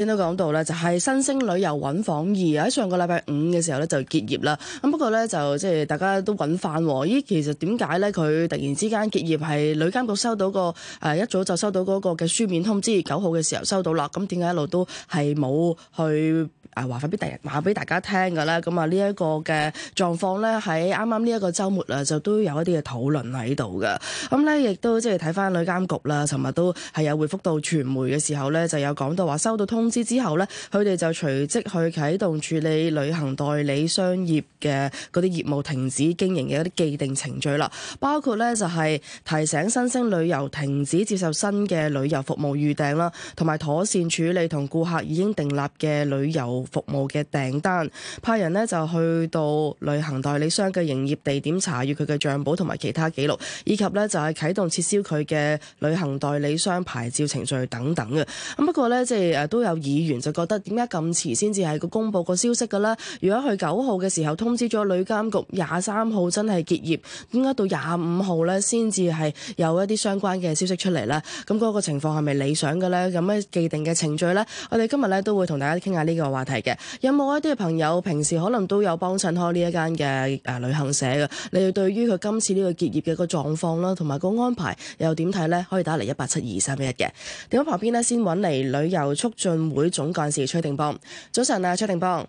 先都講到咧，就係、是、新星旅遊揾房而喺上個禮拜五嘅時候咧就結業啦。咁不過咧就即係大家都揾飯。咦，其實點解咧佢突然之間結業？係旅監局收到個誒、啊，一早就收到嗰個嘅書面通知，九號嘅時候收到啦。咁點解一路都係冇去？啊，話翻俾大話俾大家聽㗎啦，咁啊呢一個嘅狀況咧，喺啱啱呢一個周末啊，就都有一啲嘅討論喺度嘅。咁咧亦都即係睇翻旅監局啦，尋日都係有回覆到傳媒嘅時候咧，就有講到話收到通知之後咧，佢哋就隨即去啟動處理旅行代理商業嘅嗰啲業務停止經營嘅一啲既定程序啦，包括咧就係提醒新星旅遊停止接受新嘅旅遊服務預訂啦，同埋妥善處理同顧客已經訂立嘅旅遊。服務嘅訂單，派人呢就去到旅行代理商嘅營業地點，查閱佢嘅賬簿同埋其他記錄，以及呢就係啟動撤銷佢嘅旅行代理商牌照程序等等嘅。咁不過呢，即係都有議員就覺得點解咁遲先至係個公布個消息嘅啦。如果去九號嘅時候通知咗旅監局，廿三號真係結業，點解到廿五號呢先至係有一啲相關嘅消息出嚟咧？咁嗰個情況係咪理想嘅咧？咁樣既定嘅程序咧？我哋今日呢都會同大家傾下呢個話題。係嘅，有冇一啲嘅朋友平時可能都有幫襯開呢一間嘅、誒旅行社嘅？你哋對於佢今次呢個結業嘅個狀況啦，同埋個安排又點睇呢？可以打嚟，一八七二三一一嘅。電話旁邊呢，先揾嚟旅遊促進會總幹事崔定邦。早晨啊，崔定邦。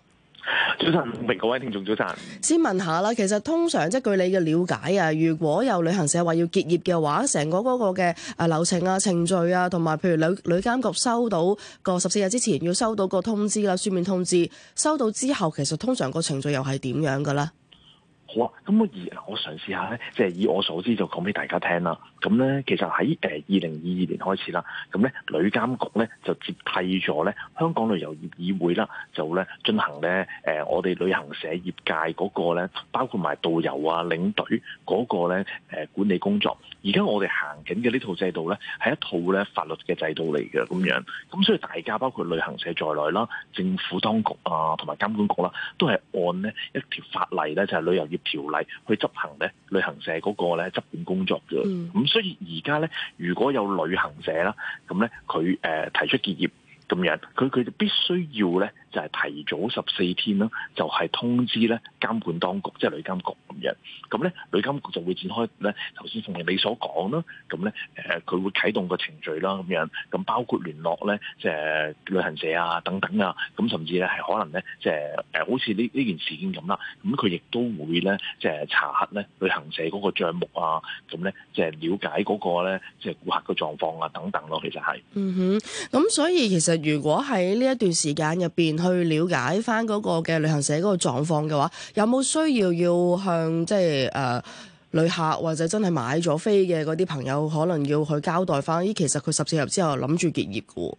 早晨，明各位聽眾早晨。先問下啦，其實通常即係據你嘅了解啊，如果有旅行社話要結業嘅話，成個嗰個嘅誒流程啊、程序啊，同埋譬如旅旅監局收到個十四日之前要收到個通知啦，書面通知收到之後，其實通常個程序又係點樣㗎咧？好啊，咁我而我嘗試下咧，即係以我所知就講俾大家聽啦。咁咧，其實喺誒二零二二年開始啦，咁咧旅監局咧就接替咗咧香港旅遊業議會啦，就咧進行咧誒我哋旅行社業界嗰個咧，包括埋導遊啊、領隊嗰個咧管理工作。而家我哋行緊嘅呢套制度咧，係一套咧法律嘅制度嚟嘅咁樣。咁所以大家包括旅行社在內啦，政府當局啊，同埋監管局啦，都係按呢一條法例咧，就係、是、旅遊業條例去執行咧，旅行社嗰個咧執管工作嘅。咁所以而家咧，如果有旅行社啦，咁咧佢誒提出結業咁樣，佢佢就必須要咧。就係提早十四天咯，就係、是、通知咧監管當局，即係旅監局咁樣。咁咧，旅監局就會展開咧頭先馮毅你所講咯。咁咧，誒佢會啟動個程序啦，咁樣。咁包括聯絡咧，即係旅行社啊等等啊。咁甚至咧係可能咧，即係誒，好似呢呢件事件咁啦。咁佢亦都會咧，即係查核咧旅行社嗰個帳目啊。咁咧、那個，即係了解嗰個咧，即係顧客嘅狀況啊等等咯、啊。其實係，嗯哼。咁所以其實如果喺呢一段時間入邊，去了解翻嗰個嘅旅行社嗰個狀況嘅話，有冇需要要向即係誒、呃、旅客或者真係買咗飛嘅嗰啲朋友，可能要去交代翻？咦，其實佢十四日之後諗住結業嘅喎。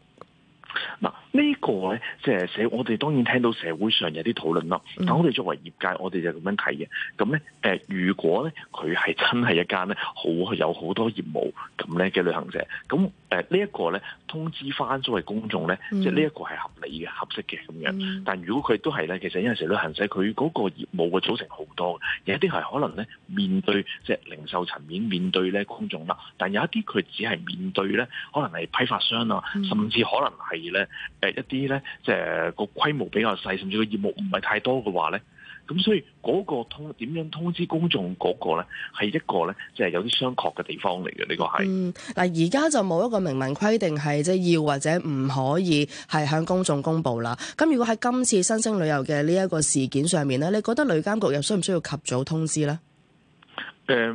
嗱。這個呢個咧，即、就、係、是、社我哋當然聽到社會上有啲討論啦。但我哋作為業界，我哋就咁樣睇嘅。咁咧、呃，如果咧佢係真係一間咧，好有好多業務咁咧嘅旅行社，咁、呃這個、呢一個咧通知翻咗係公眾咧，即呢一個係合理嘅、合適嘅咁樣。但如果佢都係咧，其實因為成旅行社佢嗰個業務嘅組成好多嘅，有一啲係可能咧面對即係、就是、零售層面面對咧公眾啦，但有一啲佢只係面對咧可能係批發商啊，甚至可能係咧。誒一啲咧，即係個規模比較細，甚至個業務唔係太多嘅話咧，咁所以嗰個通點樣通知公眾嗰個咧，係一個咧，即係有啲商榷嘅地方嚟嘅，呢個係。嗯，嗱，而家就冇一個明文規定係即係要或者唔可以係向公眾公布啦。咁如果喺今次新星旅遊嘅呢一個事件上面咧，你覺得旅監局又需唔需要及早通知咧？誒，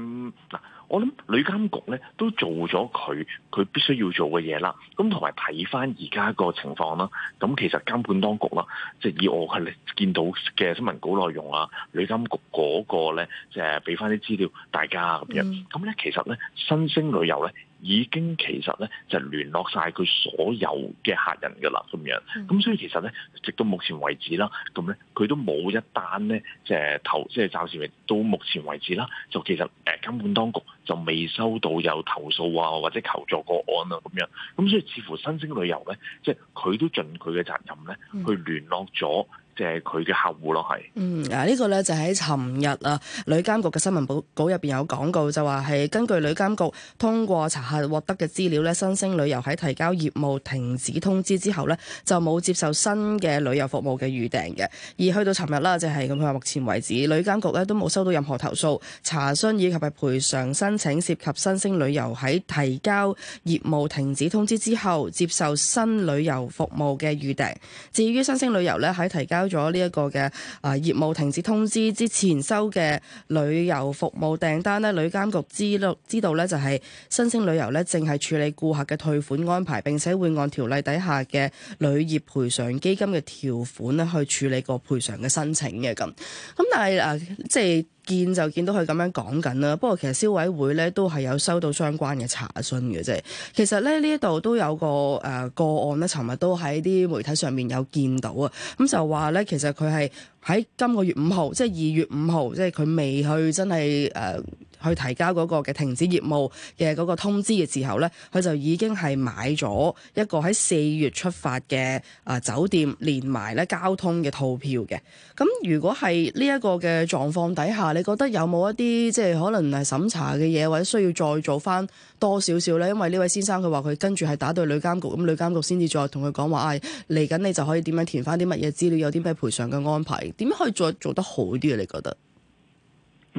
嗱。我諗旅監局咧都做咗佢，佢必須要做嘅嘢啦。咁同埋睇翻而家個情況啦。咁其實監管當局啦，即係以我係見到嘅新聞稿內容啊，旅監局嗰個咧，即係俾翻啲資料大家咁樣。咁咧其實咧，新星旅遊咧。已經其實咧就聯絡晒佢所有嘅客人㗎啦，咁樣，咁所以其實咧，直到目前為止啦，咁咧佢都冇一單咧即係投即係暫時未到目前為止啦，就其實、呃、根本當局就未收到有投訴啊或者求助個案啊咁樣，咁所以似乎新星旅遊咧，即係佢都盡佢嘅責任咧，嗯、去聯絡咗。就係佢嘅客戶咯，係嗯，啊、這個、呢個咧就喺尋日啊，旅監局嘅新聞報稿入邊有講到就話，係根據旅監局通過查核獲得嘅資料咧，新星旅遊喺提交業務停止通知之後咧，就冇接受新嘅旅遊服務嘅預訂嘅。而去到尋日啦，就係咁，佢話目前為止，旅監局咧都冇收到任何投訴查詢以及係賠償申請涉及，涉及新星旅遊喺提交業務停止通知之後接受新旅遊服務嘅預訂。至於新星旅遊咧喺提交咗呢一個嘅，啊業務停止通知之前收嘅旅遊服務訂單咧，旅監局知知道咧就係新星旅遊咧，正係處理顧客嘅退款安排，並且會按條例底下嘅旅業賠償基金嘅條款咧去處理個賠償嘅申請嘅。咁，咁但係誒即係。見就見到佢咁樣講緊啦，不過其實消委會咧都係有收到相關嘅查詢嘅啫。其實咧呢度都有一個誒、呃、個案咧，尋日都喺啲媒體上面有見到啊。咁就話咧，其實佢係喺今個月五號，即係二月五號，即係佢未去真係誒。呃去提交嗰個嘅停止業務嘅嗰個通知嘅時候咧，佢就已經係買咗一個喺四月出發嘅啊酒店連埋咧交通嘅套票嘅。咁如果係呢一個嘅狀況底下，你覺得有冇一啲即係可能係審查嘅嘢，或者需要再做翻多少少咧？因為呢位先生佢話，佢跟住係打到旅監局，咁旅監局先至再同佢講話，唉嚟緊你就可以點樣填翻啲乜嘢資料，有啲咩賠償嘅安排，點樣可以再做得好啲啊？你覺得？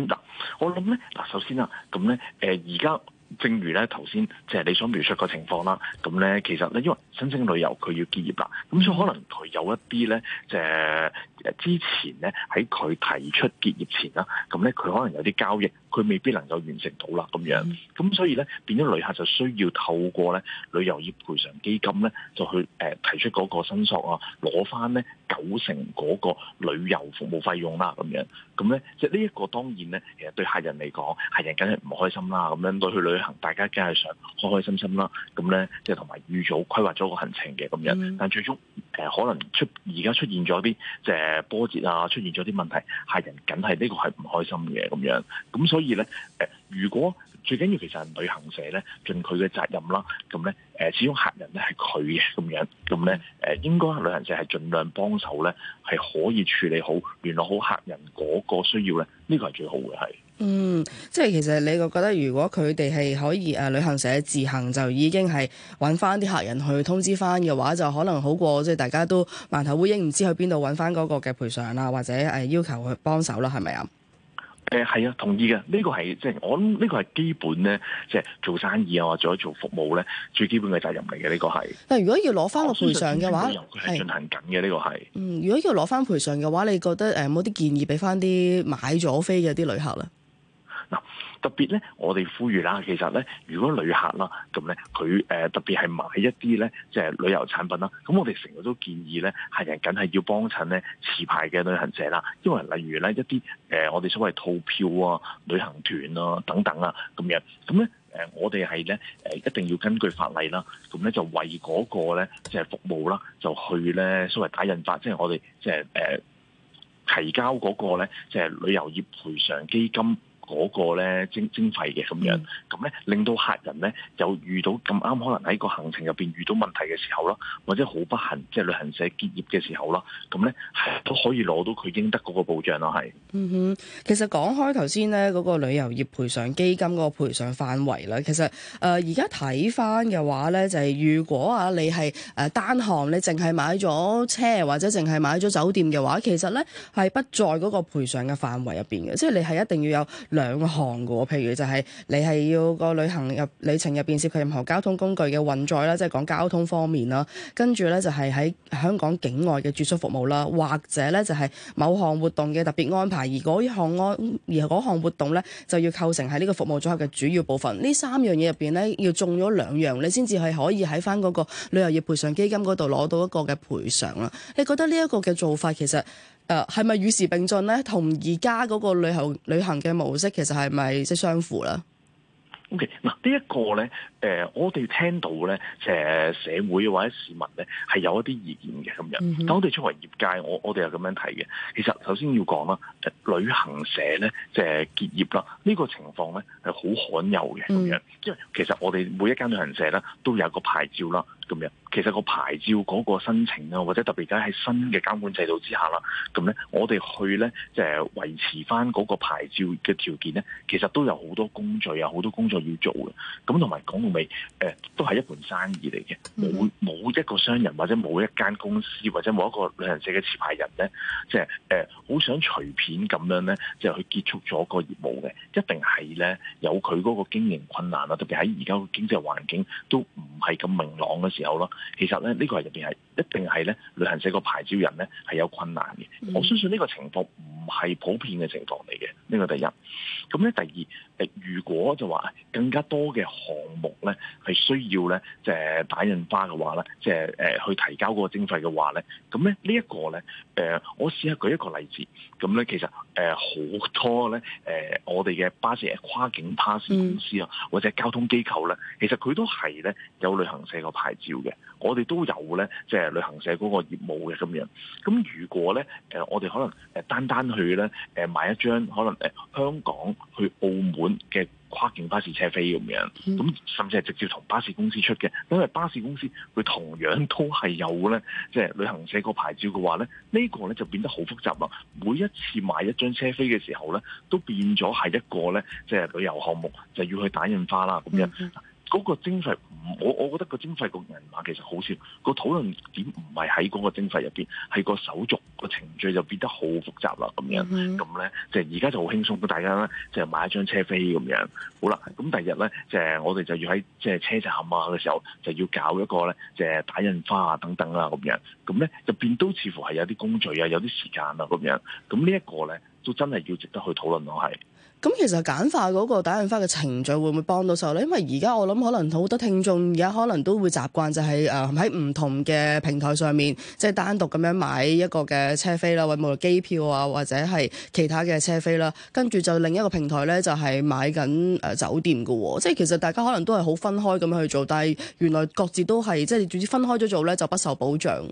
嗱，我諗咧，嗱，首先啦，咁咧，誒，而家正如咧頭先，即係你所描述個情況啦，咁咧，其實咧，因為新星旅遊佢要結業啦，咁所以可能佢有一啲咧，即係之前咧喺佢提出結業前啦，咁咧佢可能有啲交易。佢未必能夠完成到啦，咁樣，咁、嗯、所以咧，變咗旅客就需要透過咧旅遊業賠償基金咧，就去、呃、提出嗰個申索啊，攞翻咧九成嗰個旅遊服務費用啦，咁樣，咁咧，即係呢一個當然咧，其實對客人嚟講客人梗係唔開心啦，咁樣去去旅行，大家梗係想開開心心啦，咁咧即係同埋預早規劃咗個行程嘅咁樣，嗯、但最終、呃、可能出而家出現咗啲誒波折啊，出現咗啲問題，客人梗係呢個係唔開心嘅咁樣，咁所。所以咧，誒，如果最緊要其實係旅行社咧，盡佢嘅責任啦，咁咧，誒，始終客人咧係佢嘅咁樣，咁咧，誒，應該旅行社係盡量幫手咧，係可以處理好、聯絡好客人嗰個需要咧，呢個係最好嘅係。嗯，即係其實你覺得如果佢哋係可以誒旅行社自行就已經係搵返啲客人去通知返嘅話，就可能好過即係大家都萬頭烏蠅唔知去邊度搵返嗰個嘅賠償啦，或者誒要求佢幫手啦，係咪啊？誒，係、嗯、啊，同意嘅，呢、這個係即係我諗呢個係基本咧，即、就、係、是、做生意啊，或者做服務咧，這個、最基本嘅責任嚟嘅呢個係。但係如果要攞翻個賠償嘅話，係進行緊嘅呢個係。嗯，如果要攞翻賠償嘅話，你覺得誒有冇啲建議俾翻啲買咗飛嘅啲旅客咧？特別咧，我哋呼籲啦，其實咧，如果旅客啦，咁咧佢誒特別係買一啲咧，即係旅遊產品啦，咁我哋成日都建議咧，客人緊係要幫襯咧持牌嘅旅行社啦，因為例如咧一啲誒我哋所謂套票啊、旅行團啊等等啊咁樣，咁咧誒我哋係咧誒一定要根據法例啦，咁咧就為嗰個咧即係服務啦，就去咧所謂打印法，即係我哋即係提交嗰個咧即係旅遊業賠償基金。嗰個咧徵徵費嘅咁樣，咁咧令到客人咧又遇到咁啱，可能喺個行程入邊遇到問題嘅時候咯，或者好不幸即係旅行社結業嘅時候咯，咁咧係都可以攞到佢應得嗰個保障咯，係。嗯哼，其實講開頭先咧嗰個旅遊業賠償基金個賠償範圍啦，其實誒而家睇翻嘅話咧，就係、是、如果啊你係誒單行，你淨係買咗車或者淨係買咗酒店嘅話，其實咧係不在嗰個賠償嘅範圍入邊嘅，即係你係一定要有。兩項嘅喎，譬如就係你係要個旅行入旅程入邊涉及任何交通工具嘅運載啦，即係講交通方面啦，跟住呢，就係喺香港境外嘅住宿服務啦，或者呢，就係某項活動嘅特別安排，而嗰一項安而嗰項活動呢，就要構成係呢個服務組合嘅主要部分。呢三樣嘢入面呢，要中咗兩樣，你先至係可以喺翻嗰個旅遊業賠償基金嗰度攞到一個嘅賠償啦。你覺得呢一個嘅做法其實？誒係咪與時並進咧？同而家嗰個旅行旅行嘅模式其實係咪即相符啦？O K，嗱呢一個咧。誒、呃，我哋聽到咧，即係社會或者市民咧，係有一啲意見嘅咁樣。咁我哋作為業界，我我哋又咁樣睇嘅。其實首先要講啦、呃，旅行社咧即係結業啦，呢、呢個情況咧係好罕有嘅咁樣，即係其實我哋每一間旅行社咧都有個牌照啦，咁樣，其實個牌照嗰個申請啊，或者特別而家喺新嘅監管制度之下啦，咁咧我哋去咧即係維持翻嗰個牌照嘅條件咧，其實都有好多工序啊，好多工作要做嘅。咁同埋講。未誒，都係一盤生意嚟嘅，冇冇一個商人或者冇一間公司或者冇一個旅行社嘅持牌人咧，即係誒，好、呃、想隨便咁樣咧，就去結束咗個業務嘅，一定係咧有佢嗰個經營困難啦，特別喺而家經濟環境都唔係咁明朗嘅時候咯，其實咧呢、呢個係入邊係。一定係咧，旅行社個牌照人咧係有困難嘅。嗯、我相信呢個情況唔係普遍嘅情況嚟嘅。呢、呢個第一。咁咧第二，誒如果就話更加多嘅項目咧係需要咧誒打印花嘅話咧，即係誒去提交嗰個徵費嘅話咧，咁咧呢一個咧誒，我試下舉一個例子。咁咧其實誒好多咧誒，我哋嘅巴士跨境巴士公司啊，嗯、或者交通機構咧，其實佢都係咧有旅行社個牌照嘅。我哋都有咧，即係。旅行社嗰個業務嘅咁樣，咁如果咧誒、呃，我哋可能誒單單去咧誒買一張可能誒香港去澳門嘅跨境巴士車飛咁樣，咁甚至係直接同巴士公司出嘅，因為巴士公司佢同樣都係有咧，即係旅行社個牌照嘅話咧，呢個咧就變得好複雜啦。每一次買一張車飛嘅時候咧，都變咗係一個咧，即係旅遊項目就要去打印花啦咁樣。嗯嗰個徵費，唔，我我覺得個徵費個人馬其實好少，嗰個討論點唔係喺嗰個徵費入邊，係個手續個程序就變得好複雜啦咁樣，咁咧、mm hmm. 就而家就好輕鬆，大家咧就買一張車飛咁樣，好啦，咁第二日咧就係我哋就要喺即係車站啊嘅時候就要搞一個咧就係打印花啊等等啦咁樣，咁咧入邊都似乎係有啲工序啊，有啲時間啦咁樣，咁呢一個咧。都真係要值得去討論咯，係。咁其實簡化嗰個打印花嘅程序會唔會幫到手咧？因為而家我諗可能好多聽眾而家可能都會習慣就係誒喺唔同嘅平台上面，即係單獨咁樣買一個嘅車飛啦，或者無論機票啊，或者係其他嘅車飛啦，跟住就另一個平台咧就係買緊誒酒店嘅喎。即係其實大家可能都係好分開咁樣去做，但係原來各自都係即係總之分開咗做咧就不受保障。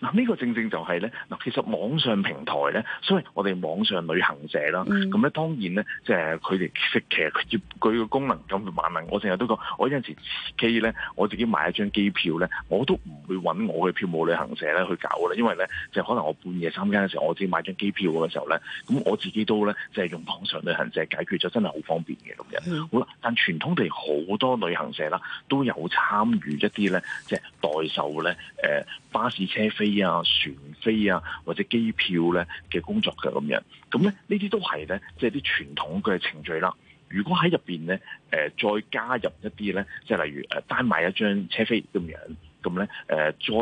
嗱呢、這個正正就係、是、咧，嗱其實網上平台咧，所謂我哋網上旅行社啦，咁咧、mm hmm. 當然咧，即係佢哋識其實佢佢嘅功能咁萬能，我成日都講，我有陣時自己咧，我自己買一張機票咧，我都唔會揾我嘅票務旅行社咧去搞啦，因為咧就是、可能我半夜三更嘅時候，我自己買張機票嘅時候咧，咁我自己都咧即係用網上旅行社解決咗，真係好方便嘅咁樣。Mm hmm. 好啦，但傳統地好多旅行社啦，都有參與一啲咧，即、就、係、是、代售咧，誒、呃、巴士車，飛啊、船飛啊或者機票咧嘅工作嘅咁樣，咁咧呢啲都係咧，即係啲傳統嘅程序啦。如果喺入邊咧，誒、呃、再加入一啲咧，即係例如誒單買一張車飛咁樣，咁咧誒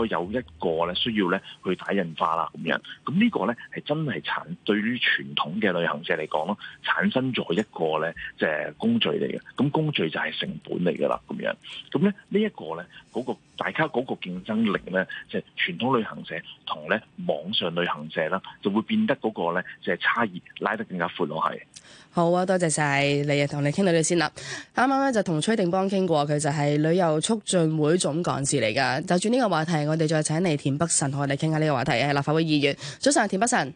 再有一個咧需要咧去打印化啦咁樣，咁呢個咧係真係產對於傳統嘅旅行社嚟講咯，產生咗一個咧即係工序嚟嘅，咁工序就係成本嚟噶啦咁樣，咁咧呢一、這個咧嗰、那個。大家嗰個競爭力呢，即係傳統旅行社同咧網上旅行社啦，就會變得嗰個呢，即係差異拉得更加闊落去。好啊，多謝晒，嚟同你傾到呢先啦。啱啱咧就同崔定邦傾過，佢就係旅遊促進會總幹事嚟噶。就住呢個話題，我哋再請嚟田北辰同我哋傾下呢個話題。誒，立法會議員，早晨，田北辰。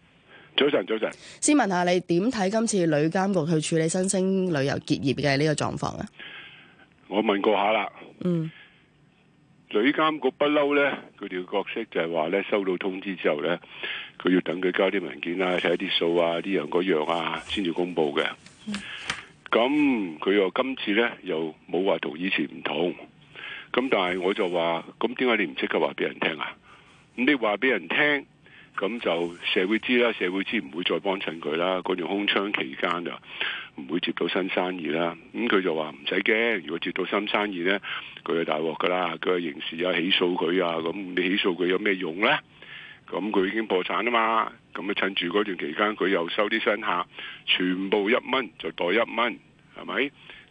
早晨，早晨。先問下你點睇今次旅監局去處理新星旅遊結業嘅呢個狀況啊？我問過一下啦。嗯。旅監局不嬲咧，佢哋嘅角色就係話咧，收到通知之後咧，佢要等佢交啲文件啊、睇啲數啊、呢樣嗰樣啊，先至公布嘅。咁佢又今次咧又冇話同以前唔同，咁但係我就話，咁點解你唔即刻話俾人聽啊？咁你話俾人聽？咁就社會知啦，社會知唔會再幫襯佢啦。嗰段空窗期間就唔會接到新生意啦。咁、嗯、佢就話唔使驚，如果接到新生意呢，佢就大鑊噶啦。佢刑事啊，起訴佢啊，咁你起訴佢有咩用呢？咁佢已經破產啊嘛。咁啊趁住嗰段期間，佢又收啲新客，全部一蚊就袋一蚊，係咪？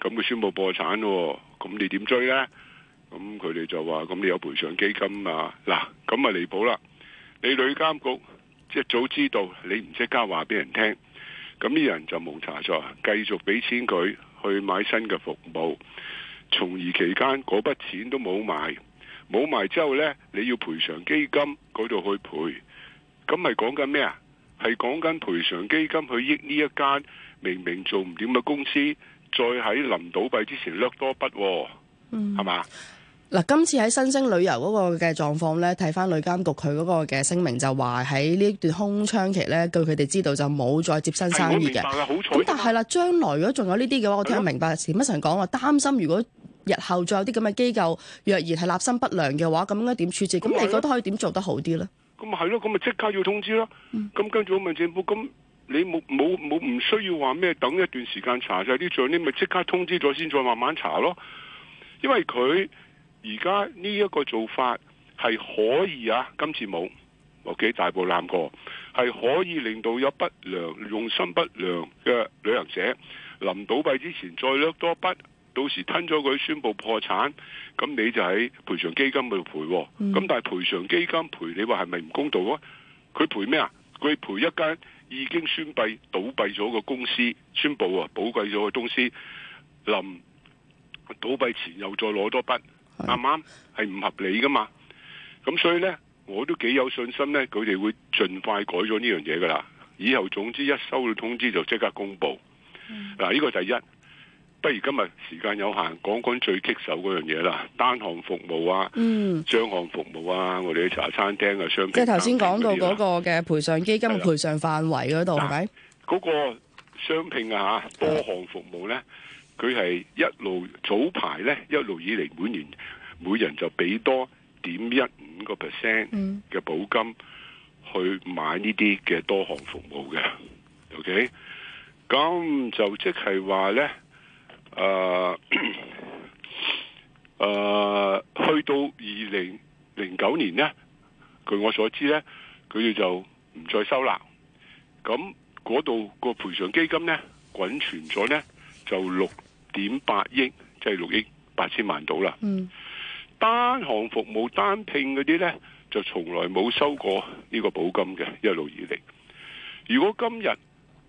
咁佢宣布破產喎。咁你點追呢？咁佢哋就話，咁你有賠償基金啊？嗱，咁啊離譜啦！你旅監局即係早知道，你唔即刻話俾人聽，咁啲人就冇查錯，繼續俾錢佢去買新嘅服務，從而期間嗰筆錢都冇埋，冇埋之後呢，你要賠償基金嗰度去賠，咁咪講緊咩啊？係講緊賠償基金去益呢一間明明做唔掂嘅公司，再喺臨倒閉之前甩多筆喎、哦，係嘛、嗯？嗱，今次喺新星旅遊嗰個嘅狀況咧，睇翻旅監局佢嗰個嘅聲明就話喺呢段空窗期咧，據佢哋知道就冇再接新生，生意嘅。咁但係啦，將來如果仲有呢啲嘅話，我聽我明白田北辰講話擔心，如果日後再有啲咁嘅機構若然係立心不良嘅話，咁應該點處置？咁的你覺得可以點做得好啲咧？咁咪係咯，咁咪即刻要通知咯。咁、嗯、跟住我問政府，咁你冇冇冇唔需要話咩？等一段時間查晒啲賬，你咪即刻通知咗先，再慢慢查咯。因為佢。而家呢一個做法係可以啊，今次冇 OK 大步攬過，係可以令到有不良用心不良嘅旅行社臨倒閉之前再掠多筆，到時吞咗佢宣佈破產，咁你就喺賠償基金度賠。咁但係賠償基金賠你話係咪唔公道啊？佢賠咩啊？佢賠一間已經宣佈倒閉咗個公司，宣佈啊，倒閉咗個公司臨倒閉前又再攞多筆。啱啱，係唔是合理噶嘛？咁所以呢，我都幾有信心呢，佢哋會盡快改咗呢樣嘢噶啦。以後總之一收到通知就即刻公佈。嗱、嗯，呢、啊呢個第一。不如今日時間有限，講講最棘手嗰樣嘢啦。單項服務啊，嗯、雙項服務啊，我哋茶餐廳嘅、啊、商品，即係頭先講到嗰個嘅賠償基金嘅賠償範圍嗰度係咪？嗰、啊、的個商品啊多項服務呢。佢係一路早排咧，一路以嚟每年每人就俾多點一五個 percent 嘅保金去買呢啲嘅多項服務嘅，OK？咁就即係話咧，誒誒，去到二零零九年咧，據我所知咧，佢哋就唔再收啦。咁嗰度個賠償基金咧滾存咗咧，就六。點八億，即係六億八千萬到啦。嗯，單項服務單聘嗰啲呢，就從來冇收過呢個保金嘅，一路以嚟。如果今日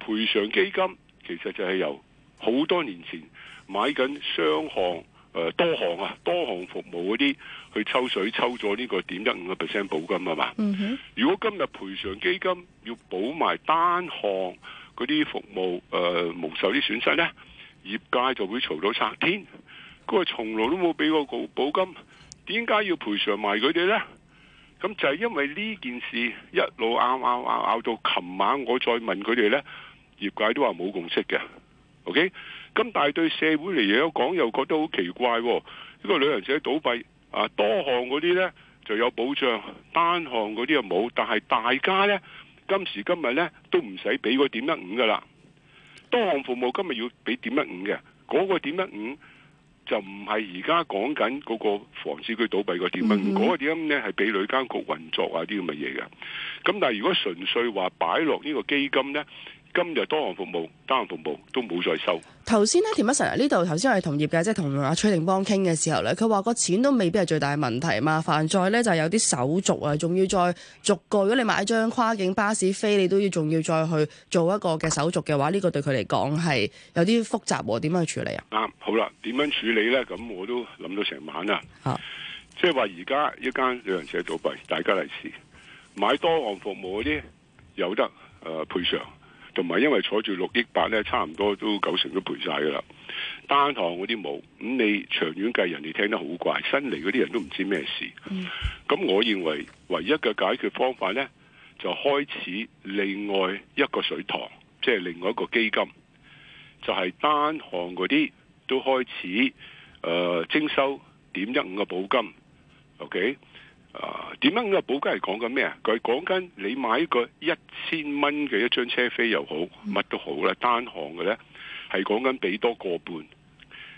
賠償基金其實就係由好多年前買緊雙項誒多項啊多項服務嗰啲去抽水抽咗呢個點一五個 percent 保金啊嘛。嗯哼，如果今日賠償基金要保埋單項嗰啲服務誒蒙、呃、受啲損失呢？業界就會嘈到拆天，佢話從來都冇俾過保金，點解要賠償埋佢哋呢？咁就係因為呢件事一路拗拗拗到琴晚，我再問佢哋呢，業界都話冇共識嘅。OK，咁但係對社會嚟講又覺得好奇怪喎，呢個旅行社倒閉啊，多項嗰啲呢就有保障，單項嗰啲又冇，但係大家呢，今時今日呢，都唔使俾個點一五噶啦。多項服務今日要俾點一五嘅，嗰、嗰個點一五就唔係而家講緊嗰個防止佢倒閉個點一五，嗰個點一五咧係俾旅監局運作啊啲咁嘅嘢嘅，咁但係如果純粹話擺落呢個基金咧。今日多項服務、單項服務都冇再收。頭先咧，田北辰喺呢度，頭先我哋同業嘅，即係同阿崔定邦傾嘅時候咧，佢話個錢都未必係最大的問題嘛。凡再咧就係、有啲手續啊，仲要再逐個。如果你買一張跨境巴士飛，你都要仲要再去做一個嘅手續嘅話，呢、呢個對佢嚟講係有啲複雜喎。點樣去處理啊？啱，好啦，點樣處理咧？咁我都諗到成晚啦。啊好，即係話而家一間旅行社倒閉，大家嚟試買多項服務嗰啲有得誒、呃、賠償。同埋，因為坐住六億八咧，差唔多都九成都賠晒㗎啦。單行嗰啲冇，咁你長遠計，人哋聽得好怪。新嚟嗰啲人都唔知咩事。咁、嗯、我認為唯一嘅解決方法呢，就開始另外一個水塘，即、就、係、是、另外一個基金，就係、是、單行嗰啲都開始誒、呃、徵收點一五嘅保金。OK。啊，點樣嘅保家係講緊咩啊？佢講緊你買一個一千蚊嘅一張車飛又好，乜都好啦，單項嘅咧，係講緊俾多個半。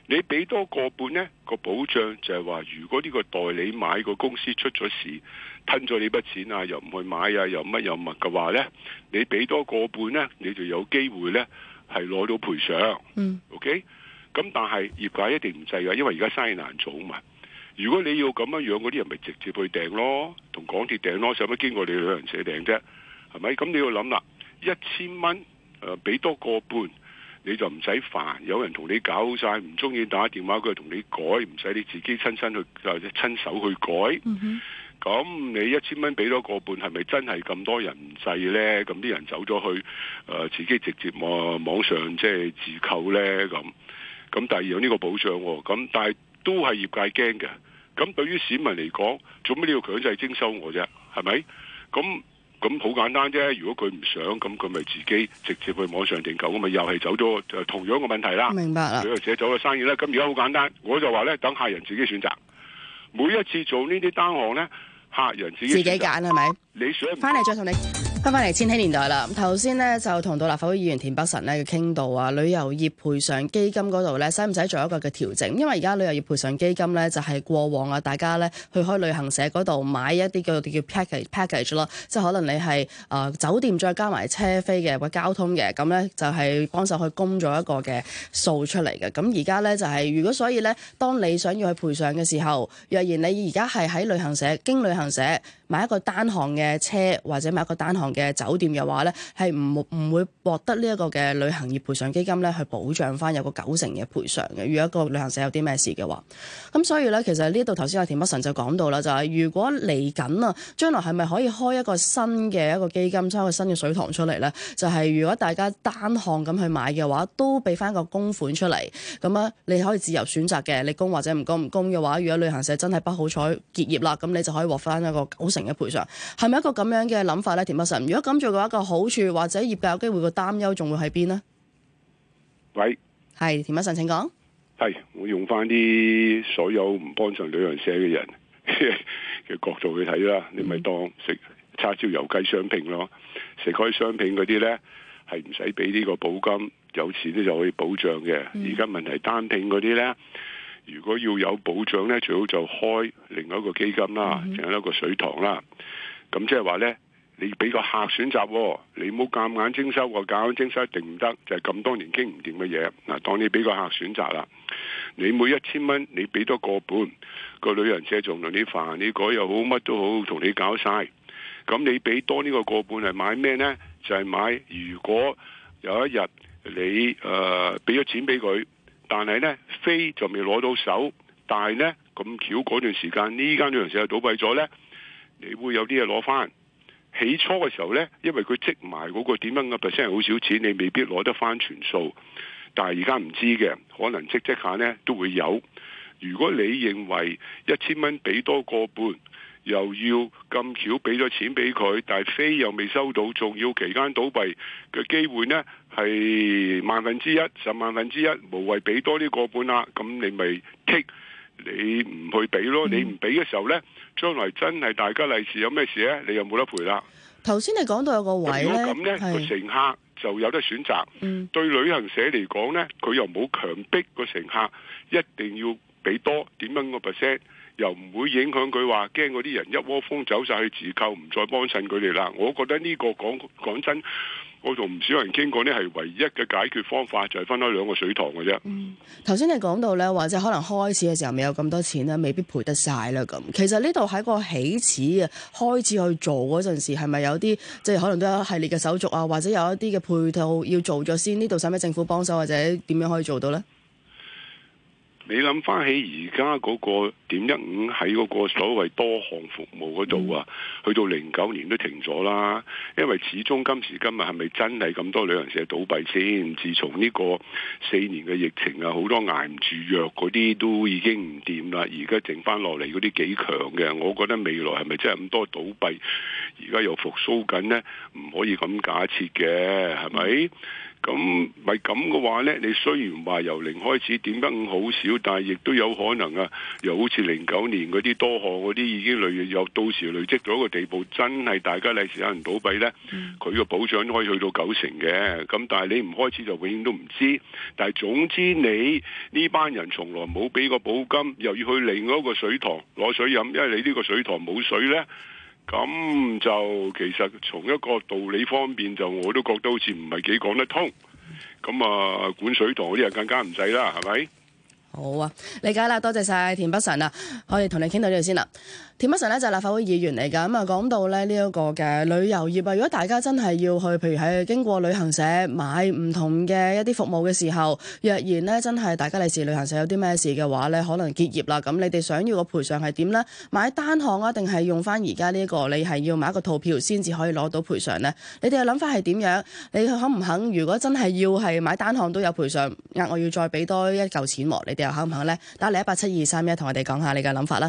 你俾多個半咧，個保障就係話，如果呢個代理買個公司出咗事，吞咗你筆錢啊，又唔去買啊，又乜又乜嘅話咧，你俾多個半咧，你就有機會咧係攞到賠償。嗯，OK，咁但係業界一定唔制㗎，因為而家生意難做啊嘛。如果你要咁樣樣，嗰啲人咪直接去訂咯，同港鐵訂咯，使乜經過你旅行社訂啫？係咪？咁你要諗啦，一千蚊誒俾多個半，你就唔使煩，有人同你搞晒，唔中意打電話佢就同你改，唔使你自己親身去或者親手去改。咁、mm hmm. 你一千蚊俾多個半，係咪真係咁多人制呢？咁啲人走咗去誒、呃，自己直接網上即係自購呢。咁咁第二樣呢個保障喎，咁但係。都係業界驚嘅，咁對於市民嚟講，做咩你要強制徵收我啫？係咪？咁咁好簡單啫。如果佢唔想，咁佢咪自己直接去網上訂購，咁咪又係走咗同樣嘅問題啦。明白啦。佢又走咗個生意啦。咁而家好簡單，我就話咧，等客人自己選擇。每一次做呢啲單項咧，客人自己選擇自己揀係咪？吧你想翻嚟再同你。翻返嚟千禧年代啦，頭先咧就同到立法會議員田北辰咧嘅傾到啊，旅遊業賠償基金嗰度咧使唔使做一個嘅調整？因為而家旅遊業賠償基金咧就係、是、過往啊，大家咧去開旅行社嗰度買一啲叫做叫 package package 啦，即係可能你係誒、呃、酒店再加埋車飛嘅或交通嘅，咁咧就係、是、幫手去供咗一個嘅數出嚟嘅。咁而家咧就係、是、如果所以咧，當你想要去賠償嘅時候，若然你而家係喺旅行社經旅行社。買一個單項嘅車或者買一個單項嘅酒店嘅話咧，係唔唔會獲得呢一個嘅旅行業賠償基金咧去保障翻有個九成嘅賠償嘅，如果個旅行社有啲咩事嘅話。咁所以咧，其實呢度頭先阿田北辰就講到啦，就係如果嚟緊啊，將來係咪可以開一個新嘅一個基金，開一個新嘅水塘出嚟咧？就係如果大家單項咁去買嘅話，都俾翻個供款出嚟。咁啊，你可以自由選擇嘅，你供或者唔供唔供嘅話，如果旅行社真係不好彩結業啦，咁你就可以獲翻一個九成。嘅賠償係咪一個咁樣嘅諗法咧？田北辰，如果咁做嘅話，個好處或者業界有機會個擔憂仲會喺邊呢？喂，係田北辰，請講。係，我用翻啲所有唔幫襯旅行社嘅人嘅角度去睇啦，嗯、你咪當食叉燒油雞雙拼咯，食開雙拼嗰啲咧係唔使俾呢個保金，有錢咧就可以保障嘅。而家、嗯、問題是單拼嗰啲咧。如果要有保障呢，最好就開另外一個基金啦，仲有、mm hmm. 一個水塘啦。咁即係話呢，你俾個客選擇、哦，你冇夾硬徵收個夾硬徵收一定唔得，就係、是、咁多年傾唔掂嘅嘢。嗱、啊，當你俾個客選擇啦，你每一千蚊你俾多個半，個旅行社仲同你煩你改又好乜都好同你搞晒。咁你俾多呢個個半係買咩呢？就係、是、買如果有一日你誒俾咗錢俾佢。但係呢，飛就未攞到手，但係呢，咁巧嗰段時間呢間旅行社倒閉咗呢，你會有啲嘢攞返。起初嘅時候呢，因為佢積埋嗰個點樣嘅 percent 係好少錢，你未必攞得返全數。但係而家唔知嘅，可能積積下呢都會有。如果你認為一千蚊俾多個半，又要咁巧俾咗錢俾佢，但係飛又未收到，仲要期間倒閉嘅機會呢。係萬分之一、十萬分之一，無謂俾多啲個半啦。咁你咪剔，你唔去俾咯。嗯、你唔俾嘅時候呢，將來真係大吉利是有咩事呢？你又冇得賠啦。頭先你講到有個位咧，如果咁呢，個是乘客就有得選擇。嗯、對旅行社嚟講呢，佢又冇強迫個乘客一定要俾多點樣個 percent，又唔會影響佢話驚嗰啲人一窩蜂走晒去自購，唔再幫襯佢哋啦。我覺得呢個講講真。我同唔少人傾過呢，係唯一嘅解決方法就係、是、分開兩個水塘嘅啫。頭先、嗯、你講到咧，或者可能開始嘅時候未有咁多錢咧，未必賠得晒啦。咁其實呢度喺個起始啊，開始去做嗰陣時，係咪有啲即係可能都有一系列嘅手續啊，或者有一啲嘅配套要做咗先？呢度使咩政府幫手，或者點樣可以做到咧？你諗翻起而家嗰個點一五喺嗰個所謂多項服務嗰度啊，嗯、去到零九年都停咗啦。因為始終今時今日係咪真係咁多旅行社倒閉先？自從呢個四年嘅疫情啊，好多捱唔住藥嗰啲都已經唔掂啦。而家剩翻落嚟嗰啲幾強嘅，我覺得未來係咪真係咁多倒閉，而家又復甦緊呢，唔可以咁假設嘅，係咪？嗯咁咪咁嘅話呢，你雖然話由零開始點得好少，但係亦都有可能啊！又好似零九年嗰啲多項嗰啲已經累有到時累積咗一個地步，真係大家利時有人倒閉呢。佢個保障都可以去到九成嘅。咁但係你唔開始就永遠都唔知。但係總之你呢班人從來冇俾過保金，又要去另外一個水塘攞水飲，因為你呢個水塘冇水呢。咁就其實從一個道理方面，就我都覺得好似唔係幾講得通。咁啊，管水塘嗰啲就更加唔使啦，係咪？好啊，理解啦，多謝晒田北辰啦，啊，可以同你傾到呢度先啦。田先生咧就係立法會議員嚟㗎，咁啊講到咧呢一個嘅旅遊業啊，如果大家真係要去，譬如喺經過旅行社買唔同嘅一啲服務嘅時候，若然咧真係大家嚟視旅行社有啲咩事嘅話咧，可能結業啦，咁你哋想要個賠償係點咧？買單項啊，定係用翻而家呢個你係要買一個套票先至可以攞到賠償咧？你哋嘅諗法係點樣？你肯唔肯？如果真係要係買單項都有賠償額，我要再俾多一嚿錢喎，你哋又肯唔肯咧？打嚟一八七二三一同我哋講下你嘅諗法啦。